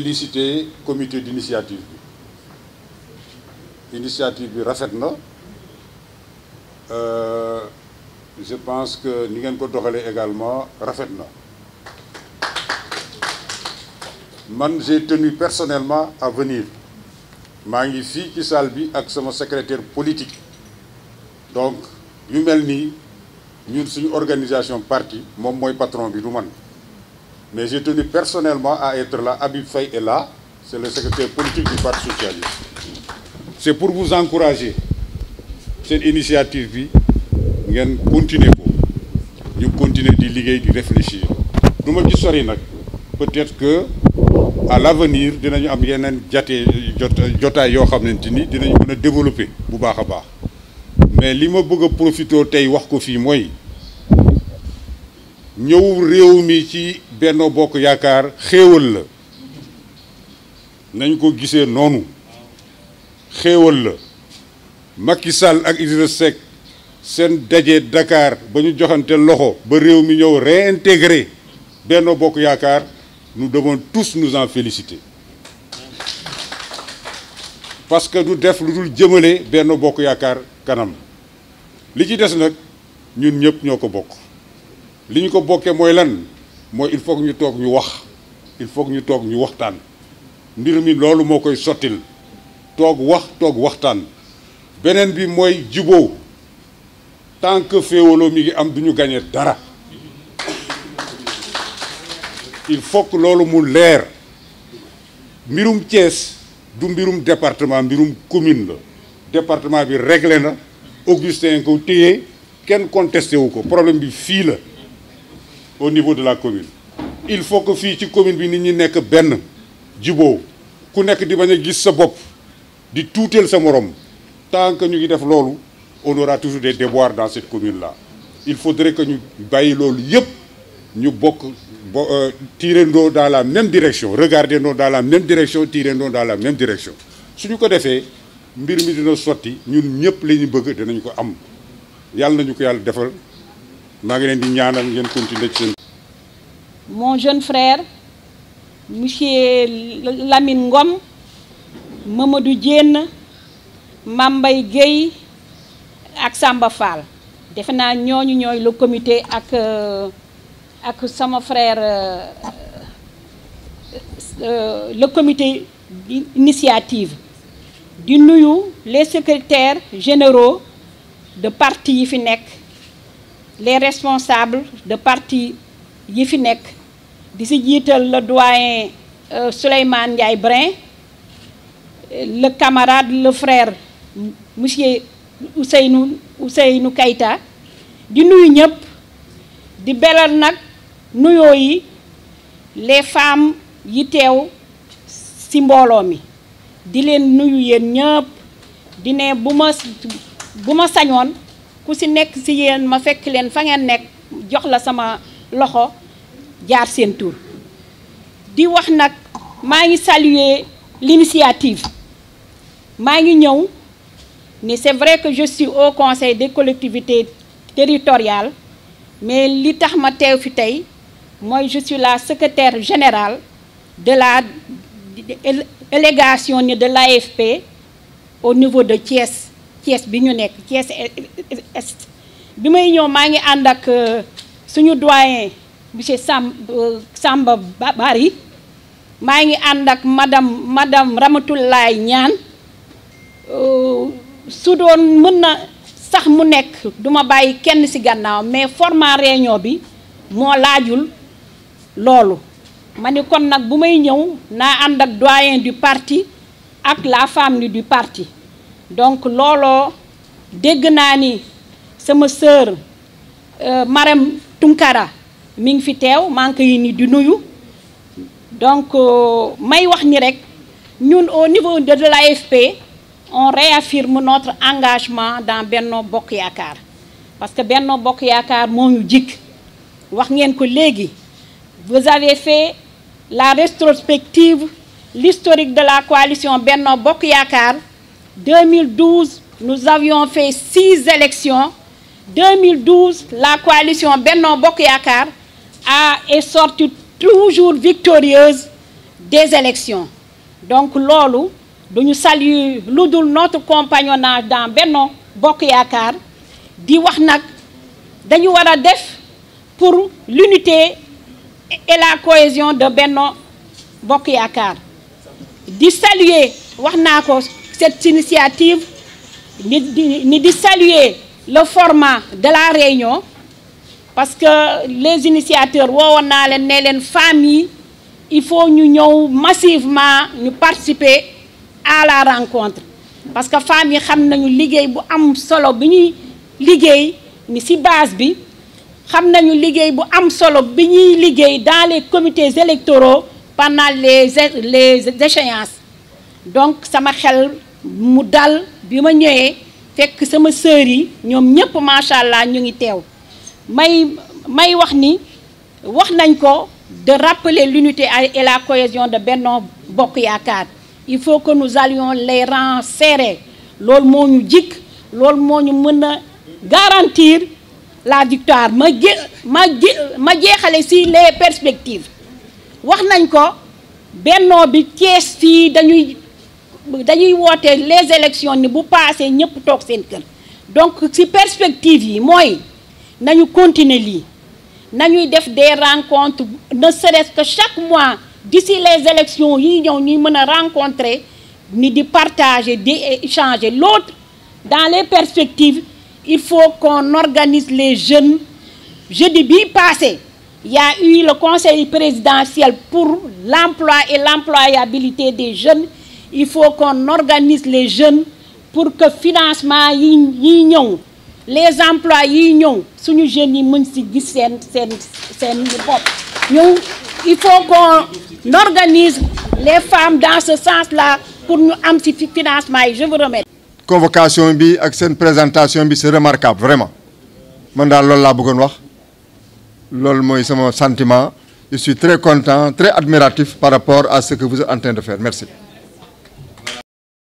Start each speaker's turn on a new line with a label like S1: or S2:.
S1: féliciter commité d'initiative bi initiative bi rafet na euh, je pense que ni ngeen ko doxalee également rafet na man j'ai tenu personnellement à venir maa ngi fii ci bi ak sama secrétaire politique donc yu mel nii ñun suñu organisation parti moom mooy patron bi du man Mais j'ai tenu personnellement à être la Habib fay et la C'est le secrétaire politique du Parti socialiste. C'est pour vous encourager. Cette initiative bi ngeen continuer ko ñu continuer di liggéey di réfléchir du ma ci sori nag peut-être que à l'avenir dinañu am yeneen jatee jotaay yoo xamante ni dinañu mën a développer bu baax a baax mais li ma bëgg a profiter tey wax ko fii mooy ñëw réew mi ci Benno Bokk Yaakaar xéewal la nañ ko gisee noonu xéewal la Macky Sall ak Idrissa seen daje Dakar ba ñu joxante loxo ba réew mi ñëw réintégré Benno Bokk Yaakaar nous devons tous nous en féliciter parce que du def lu dul jëmale Benno Bokk Yaakaar kanam li ci des nag ñun ñëpp ñoo ko bokk li ñu ko bokkee mooy lan mooy il faut ñu toog ñu wax il faut ñu toog ñu waxtaan mbir mi loolu moo koy sottil toog wax toog waxtaan beneen bi mooy jiboo tant que féewaloo mi ngi am du ñu gagné dara il faut loolu mu leer mbirum Thiès du mbirum département mbirum commune la département bi réglé na Augustin ko téye kenn contesté wu ko problème bi fii la au niveau de la commune il faut que fii ci commune bi nit ñi nekk benn juboo ku nekk di bañ a gis sa bopp di tuuteel sa morom tant que ñu ngi def loolu on aura toujours des déboires dans cette commune la il faut faudrait que ñu bàyyi loolu yëpp ñu bokk tiire euh, tirendoo dans la même direction regardendoo dans la même direction tirendoo daal la même direction su ñu ko defee mbir mi dina sotti ñun ñëpp li ñu bëgg dinañ ko am yàlla nañu ko yàlla defal maa ngi leen di ñaanal ngeen continuer ci seen.
S2: mon jeune frère monsieur Lamine Ngom Mamadou Diène Mambay Guèye ak Samba Fall defe naa ñooñu ñooy le comité ak euh, ak sama frère euh, euh, le comité d'initiative di nuyu les secrétaires généraux de parti yi fi nekk. les responsable de parti yi fi nekk di si jiital le doyen euh, Souleymane Ndiaye Brin la camarade le frère monsieur Ousseynou Ousseynou Kayta di nuyu ñëpp di belal nag nuyoo yi les femmes yi teew ci mbooloo mi di leen nuyu yéen ñëpp di ne bu ma bu ma sañoon ku si nekk si yéen ma fekk leen fa ngeen nekk jox la sama loxo jaar seen tur di wax nag maa ngi saluer l'initiative maa ngi ñëw ni c'est vrai que je suis au conseil des collectivité territoriales mais li tax ma teew fi tey mooy je la secretaire général de la délégation de la l'AFP au niveau de Thiès Thiès bi ñu nekk Thiès est bi may ñëw maa ngi ànd ak euh, suñu doyen monsieur Sam euh, Samba Bari maa ngi ànd ak madam madame Ramatoulaye ñaan euh, su doon mën na sax mu nekk duma bàyyi kenn ci gannaaw mais format réunion bi moo laajul loolu ma ni kon nag bu may ñëw naa ànd ak doyen du parti ak la femme du parti donc looloo dégg naa ni sama sœur euh, Marème Tunkara mi ngi fi teew maa ngi ni di nuyu donc euh, may wax ni rek ñun au niveau de l'AFP on réaffirme notre engagement dans Benno Bokk Yaakaar parce que Benno Bokk Yaakaar moo ñu jikk wax ngeen ko léegi vous avez fait la rétrospective l'historique de la coalition Benno Bokk Yaakaar 2012, nous avions fait six élections. 2012, la coalition Benno yaakaar a, est sortie toujours victorieuse des élections. Donc, loolu lolo, nous saluons notre compagnonnage dans Benno Bokyakar. Di wax nag dañu wara def pour l'unité et la cohésion de Benno Bokyakar. Di saluer wax naa nako cette initiative ni di ni di saluer le format de la réunion parce que les initiateurs woowoon naa leen ne leen femmes yi il faut ñu ñëw massivement ñu participer à la rencontre parce que femmes yi xam nañu liggéey bu am solo bi ñuy liggéey ni ci base bi xam nañu liggéey bu am solo bi ñuy liggéey dans les comités électoraux pendant les les échéances donc sama xel mu dal bi ma ñëwee fekk sama sœur yi ñoom ñépp macha allah ñu ngi teew may may wax ni wax nañ ko de rappeler l'unité et la cohésion de Benno Bokk Yaakaar il faut que nous allions les ran serrés loolu moo ñu jikk lool moo ñu mën a garantir la victoire ma je ma je jeexale si les perspectives wax nañ ko bennoo bi Thiès fii dañuy dañuy wootee les élections ni bu paasee ñëpp toog seen kër donc ci perspective yi mooy nañu continuer lii nañuy def des rencontre ne serait-ce que chaque mois d'ici les élections yi ñëw ñuy mën a rencontrer ni di partager di échanger l'autre dans les perspectives il faut qu'on organise les jeunes jeudi bi passé y a le conseil présidentiel pour l'emploi et l'employabilité des jeunes il faut qu'on organise les jeunes pour que financement yi yiy ñëw les emplois yiy ñëw suñu jeunes yi mën ci gis seen seen seen bopp il faut qu'on organise les femmes dans ce sens-là pour ñu am si financement yi je vous remercie.
S1: convocation bi ak seen présentation bi c'est remarquable vraiment man daal loolu laa bëggoon wax loolu mooy sama sentiment je suis très content très admiratif par rapport à ce que vous êtes en de faire merci.